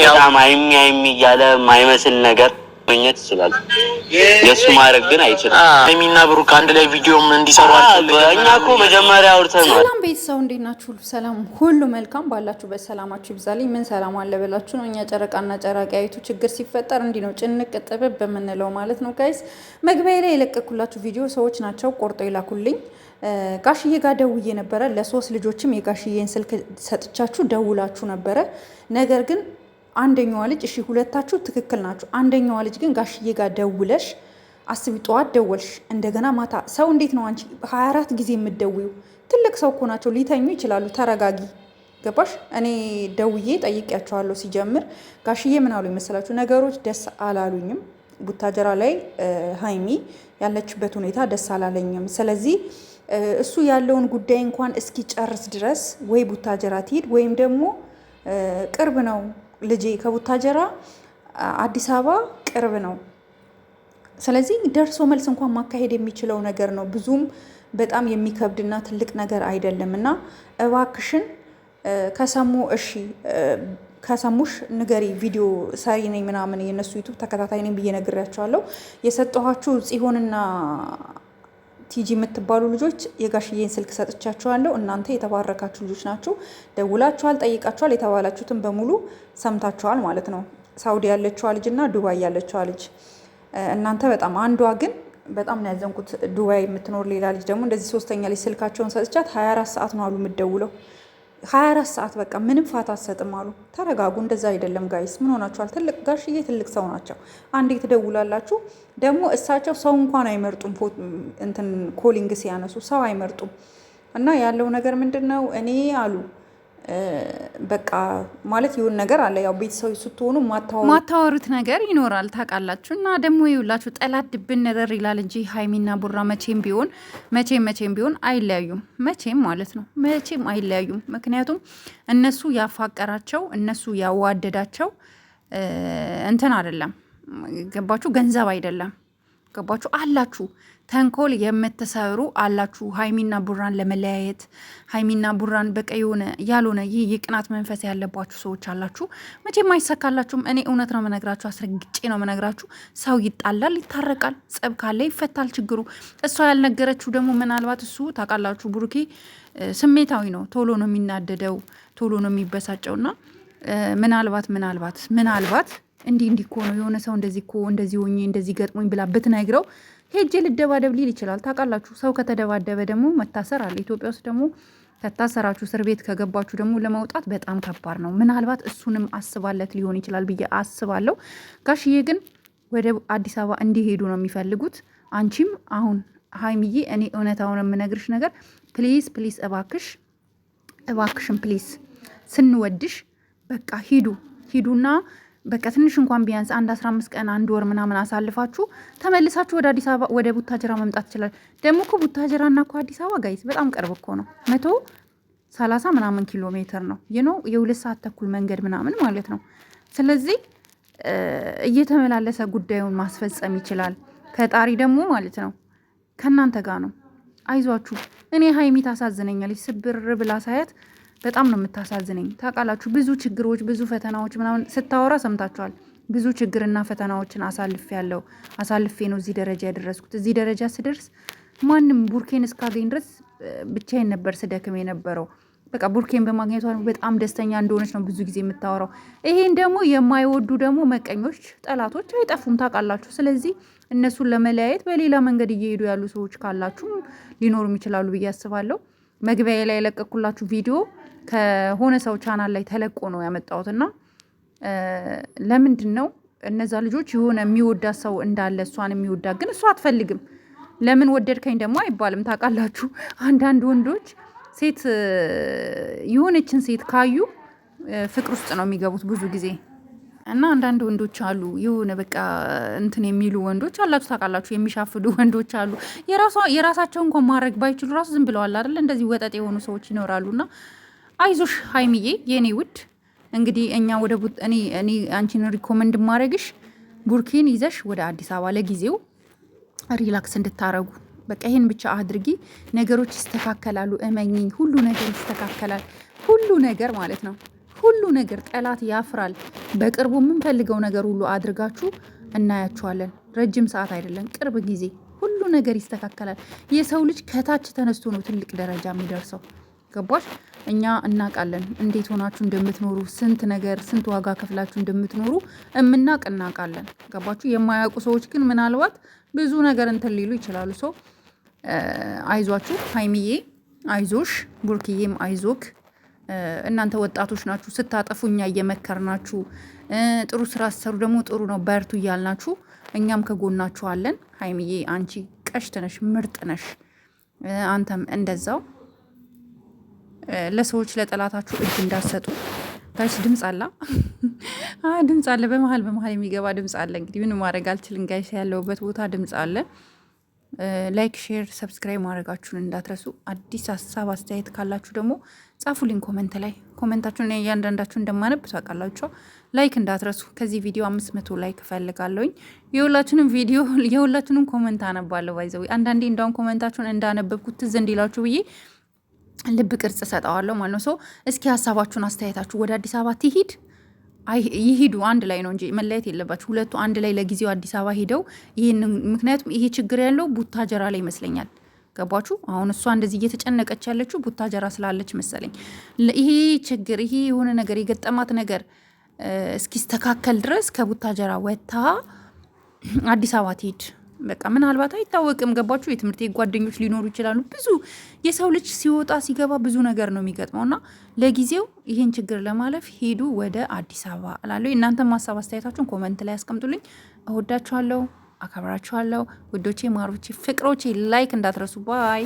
በጣም አይሚ አይሚ እያለ ማይመስል ነገር መኘት ይችላል። የእሱ ማድረግ ግን አይችልም። ሚና ብሩክ አንድ ላይ ቪዲዮም እንዲሰሩ እኛ እኮ መጀመሪያ አውርተን ሰላም ቤተሰብ እንዴት ናችሁ? ሁሉ ሰላም፣ ሁሉ መልካም ባላችሁበት በሰላማችሁ ይብዛልኝ። ምን ሰላም አለ ብላችሁ ነው። እኛ ጨረቃና ጨራቃይቱ ችግር ሲፈጠር እንዲህ ነው ጭንቅ ጥብብ በምንለው ማለት ነው። ጋይስ መግቢያ ላይ የለቀኩላችሁ ቪዲዮ ሰዎች ናቸው ቆርጦ ይላኩልኝ ጋሽዬ ጋር ደውዬ ነበረ። ለሶስት ልጆችም የጋሽዬን ስልክ ሰጥቻችሁ ደውላችሁ ነበረ ነገር ግን አንደኛዋ ልጅ እሺ፣ ሁለታችሁ ትክክል ናችሁ። አንደኛዋ ልጅ ግን ጋሽዬ ጋር ደውለሽ አስቢ። ጠዋት ደወልሽ፣ እንደገና ማታ። ሰው እንዴት ነው አንቺ 24 ጊዜ የምትደውዩ? ትልቅ ሰው እኮ ናቸው፣ ሊተኙ ይችላሉ። ተረጋጊ። ገባሽ? እኔ ደውዬ ጠይቄያቸዋለሁ። ሲጀምር ጋሽዬ ምን አሉ ይመስላችሁ? ነገሮች ደስ አላሉኝም። ቡታጀራ ላይ ሀይሚ ያለችበት ሁኔታ ደስ አላለኝም። ስለዚህ እሱ ያለውን ጉዳይ እንኳን እስኪጨርስ ድረስ ወይ ቡታጀራ ትሄድ ወይም ደግሞ ቅርብ ነው ልጄ ከቡታጀራ አዲስ አበባ ቅርብ ነው። ስለዚህ ደርሶ መልስ እንኳን ማካሄድ የሚችለው ነገር ነው። ብዙም በጣም የሚከብድና ትልቅ ነገር አይደለም እና እባክሽን ከሰሙ እሺ ከሰሙሽ ንገሪ። ቪዲዮ ሰሪ ነኝ ምናምን የነሱ ዩቱብ ተከታታይ ነኝ ብዬ ነግሬያቸዋለሁ። የሰጠኋችሁ ጽሆንና ቲጂ የምትባሉ ልጆች የጋሽዬን ስልክ ሰጥቻችኋለሁ። እናንተ የተባረካችሁ ልጆች ናችሁ። ደውላችኋል፣ ጠይቃችኋል። የተባላችሁትን በሙሉ ሰምታችኋል ማለት ነው። ሳውዲ ያለችዋ ልጅ እና ዱባይ ያለችዋ ልጅ እናንተ በጣም አንዷ ግን በጣም ነው ያዘንኩት። ዱባይ የምትኖር ሌላ ልጅ ደግሞ እንደዚህ ሶስተኛ ልጅ ስልካቸውን ሰጥቻት 24 ሰዓት ነው አሉ የምደውለው። 24 ሰዓት በቃ ምንም ፋታ አትሰጥም አሉ። ተረጋጉ፣ እንደዛ አይደለም ጋይስ። ምን ሆናችኋል? ትልቅ ጋሽዬ ትልቅ ሰው ናቸው። አንዴ ትደውላላችሁ። ደግሞ እሳቸው ሰው እንኳን አይመርጡም፣ እንትን ኮሊንግ ሲያነሱ ሰው አይመርጡም። እና ያለው ነገር ምንድን ነው እኔ አሉ በቃ ማለት ይሁን ነገር አለ። ያው ቤተሰብ ስትሆኑ ማታወሩት ነገር ይኖራል ታውቃላችሁ። እና ደግሞ ይውላችሁ ጠላት ድብን ነረር ይላል እንጂ ሀይሚና ቡራ መቼም ቢሆን መቼም መቼም ቢሆን አይለያዩም። መቼም ማለት ነው መቼም አይለያዩም። ምክንያቱም እነሱ ያፋቀራቸው እነሱ ያዋደዳቸው እንትን አይደለም ገባችሁ፣ ገንዘብ አይደለም ገባችሁ አላችሁ ተንኮል የምትሰሩ አላችሁ። ሀይሚና ቡራን ለመለያየት ሀይሚና ቡራን በቀይ የሆነ ያልሆነ ይህ የቅናት መንፈስ ያለባችሁ ሰዎች አላችሁ። መቼም አይሰካላችሁም። እኔ እውነት ነው መነግራችሁ፣ አስረግጬ ነው መነግራችሁ። ሰው ይጣላል፣ ይታረቃል፣ ጸብ ካለ ይፈታል ችግሩ። እሷ ያልነገረችው ደግሞ ምናልባት እሱ ታውቃላችሁ፣ ብሩኬ ስሜታዊ ነው። ቶሎ ነው የሚናደደው፣ ቶሎ ነው የሚበሳጨውና ምናልባት ምናልባት ምናልባት እንዲህ እንዲህ እኮ ነው የሆነ ሰው እንደዚህ እኮ እንደዚህ ሆኜ እንደዚህ ገጥሞኝ ብላ ብትነግረው ሄጄ ልደባደብ ሊል ይችላል። ታውቃላችሁ፣ ሰው ከተደባደበ ደግሞ መታሰር አለ። ኢትዮጵያ ውስጥ ደግሞ ከታሰራችሁ እስር ቤት ከገባችሁ ደግሞ ለመውጣት በጣም ከባድ ነው። ምናልባት እሱንም አስባለት ሊሆን ይችላል ብዬ አስባለሁ። ጋሽዬ ግን ወደ አዲስ አበባ እንዲሄዱ ነው የሚፈልጉት። አንቺም አሁን ሀይሚዬ፣ እኔ እውነታውን የምነግርሽ ነገር ፕሊዝ ፕሊዝ፣ እባክሽ እባክሽን፣ ፕሊዝ ስንወድሽ፣ በቃ ሂዱ ሂዱና በቃ ትንሽ እንኳን ቢያንስ አንድ አስራ አምስት ቀን አንድ ወር ምናምን አሳልፋችሁ ተመልሳችሁ ወደ አዲስ አበባ ወደ ቡታጅራ መምጣት ይችላል። ደግሞ እኮ ቡታጅራና እኮ አዲስ አበባ ጋይዝ በጣም ቅርብ እኮ ነው፣ መቶ ሰላሳ ምናምን ኪሎ ሜትር ነው የኖ የሁለት ሰዓት ተኩል መንገድ ምናምን ማለት ነው። ስለዚህ እየተመላለሰ ጉዳዩን ማስፈጸም ይችላል። ፈጣሪ ደግሞ ማለት ነው ከእናንተ ጋር ነው። አይዟችሁ። እኔ ሀይሚ ታሳዝነኛለች ስብር ብላ ሳያት በጣም ነው የምታሳዝነኝ። ታውቃላችሁ ብዙ ችግሮች፣ ብዙ ፈተናዎች ምናምን ስታወራ ሰምታችኋል። ብዙ ችግርና ፈተናዎችን አሳልፍ ያለው አሳልፌ ነው እዚህ ደረጃ ያደረስኩት። እዚህ ደረጃ ስደርስ ማንም ቡርኬን እስካገኝ ድረስ ብቻዬን ነበር ስደክም የነበረው። በቃ ቡርኬን በማግኘቷ በጣም ደስተኛ እንደሆነች ነው ብዙ ጊዜ የምታወራው። ይሄን ደግሞ የማይወዱ ደግሞ መቀኞች፣ ጠላቶች አይጠፉም ታውቃላችሁ። ስለዚህ እነሱን ለመለያየት በሌላ መንገድ እየሄዱ ያሉ ሰዎች ካላችሁ ሊኖሩም ይችላሉ ብዬ አስባለሁ። መግቢያ ላይ የለቀኩላችሁ ቪዲዮ ከሆነ ሰው ቻናል ላይ ተለቆ ነው ያመጣሁት እና ለምንድን ነው እነዛ ልጆች የሆነ የሚወዳት ሰው እንዳለ እሷን የሚወዳ ግን እሷ አትፈልግም። ለምን ወደድከኝ ደግሞ አይባልም። ታውቃላችሁ አንዳንድ ወንዶች ሴት የሆነችን ሴት ካዩ ፍቅር ውስጥ ነው የሚገቡት ብዙ ጊዜ እና አንዳንድ ወንዶች አሉ የሆነ በቃ እንትን የሚሉ ወንዶች አላችሁ ታውቃላችሁ፣ የሚሻፍዱ ወንዶች አሉ። የራሳቸው እንኳን ማድረግ ባይችሉ ራሱ ዝም ብለዋል አይደል? እንደዚህ ወጠጥ የሆኑ ሰዎች ይኖራሉና አይዞሽ ሀይሚዬ የኔ ውድ እንግዲህ እኛ ወደ እኔ እኔ አንቺን ሪኮመንድ ማድረግሽ ቡርኪን ይዘሽ ወደ አዲስ አበባ ለጊዜው ሪላክስ እንድታረጉ በቃ ይህን ብቻ አድርጊ። ነገሮች ይስተካከላሉ፣ እመኝኝ። ሁሉ ነገር ይስተካከላል። ሁሉ ነገር ማለት ነው። ሁሉ ነገር ጠላት ያፍራል። በቅርቡ የምንፈልገው ነገር ሁሉ አድርጋችሁ እናያችኋለን። ረጅም ሰዓት አይደለም፣ ቅርብ ጊዜ ሁሉ ነገር ይስተካከላል። የሰው ልጅ ከታች ተነስቶ ነው ትልቅ ደረጃ የሚደርሰው። ገባሽ? እኛ እናውቃለን እንዴት ሆናችሁ እንደምትኖሩ ስንት ነገር ስንት ዋጋ ከፍላችሁ እንደምትኖሩ እምናቅ እናውቃለን። ገባችሁ? የማያውቁ ሰዎች ግን ምናልባት ብዙ ነገር እንትን ሊሉ ይችላሉ። ሰው አይዟችሁ፣ ሀይሚዬ አይዞሽ፣ ቡርክዬም አይዞክ። እናንተ ወጣቶች ናችሁ። ስታጠፉ እኛ እየመከርናችሁ፣ ጥሩ ስራ ስሰሩ ደግሞ ጥሩ ነው በርቱ እያልናችሁ እኛም ከጎናችሁ አለን። ሀይሚዬ አንቺ ቀሽት ነሽ፣ ምርጥ ነሽ። አንተም እንደዛው ለሰዎች ለጠላታችሁ እጅ እንዳትሰጡ። ታች ድምፅ አላ ድምፅ አለ፣ በመሀል በመሀል የሚገባ ድምፅ አለ። እንግዲህ ምን ማድረግ አልችልም። ጋይስ ያለውበት ቦታ ድምፅ አለ። ላይክ፣ ሼር፣ ሰብስክራይብ ማድረጋችሁን እንዳትረሱ። አዲስ ሀሳብ አስተያየት ካላችሁ ደግሞ ጻፉልኝ ኮመንት ላይ። ኮመንታችሁን እያንዳንዳችሁ እንደማነብ ታውቃላችሁ። ላይክ እንዳትረሱ። ከዚህ ቪዲዮ አምስት መቶ ላይክ እፈልጋለሁኝ። የሁላችንም ቪዲዮ የሁላችንም ኮመንት አነባለሁ። ባይዘው አንዳንዴ እንዳሁን ኮመንታችሁን እንዳነበብኩት ትዝ እንዲላችሁ ብዬ ልብ ቅርጽ ሰጠዋለሁ ማለት ነው። ሰው እስኪ ሀሳባችሁን አስተያየታችሁ ወደ አዲስ አበባ ትሂድ ይሂዱ አንድ ላይ ነው እንጂ መለየት የለባቸው ሁለቱ አንድ ላይ ለጊዜው አዲስ አበባ ሄደው ይህን ምክንያቱም ይሄ ችግር ያለው ቡታጀራ ላይ ይመስለኛል። ገባችሁ? አሁን እሷ እንደዚህ እየተጨነቀች ያለችው ቡታጀራ ስላለች መሰለኝ። ይሄ ችግር ይሄ የሆነ ነገር የገጠማት ነገር እስኪስተካከል ድረስ ከቡታጀራ ወጥታ አዲስ አበባ ትሂድ። በቃ ምናልባት አይታወቅም። ገባችሁ? የትምህርት ጓደኞች ሊኖሩ ይችላሉ። ብዙ የሰው ልጅ ሲወጣ ሲገባ ብዙ ነገር ነው የሚገጥመው እና ለጊዜው ይህን ችግር ለማለፍ ሄዱ ወደ አዲስ አበባ እላለሁ። እናንተም ሀሳብ አስተያየታችሁን ኮመንት ላይ ያስቀምጡልኝ። እወዳችኋለሁ፣ አከብራችኋለሁ። ውዶቼ፣ ማሮቼ፣ ፍቅሮቼ ላይክ እንዳትረሱ ባይ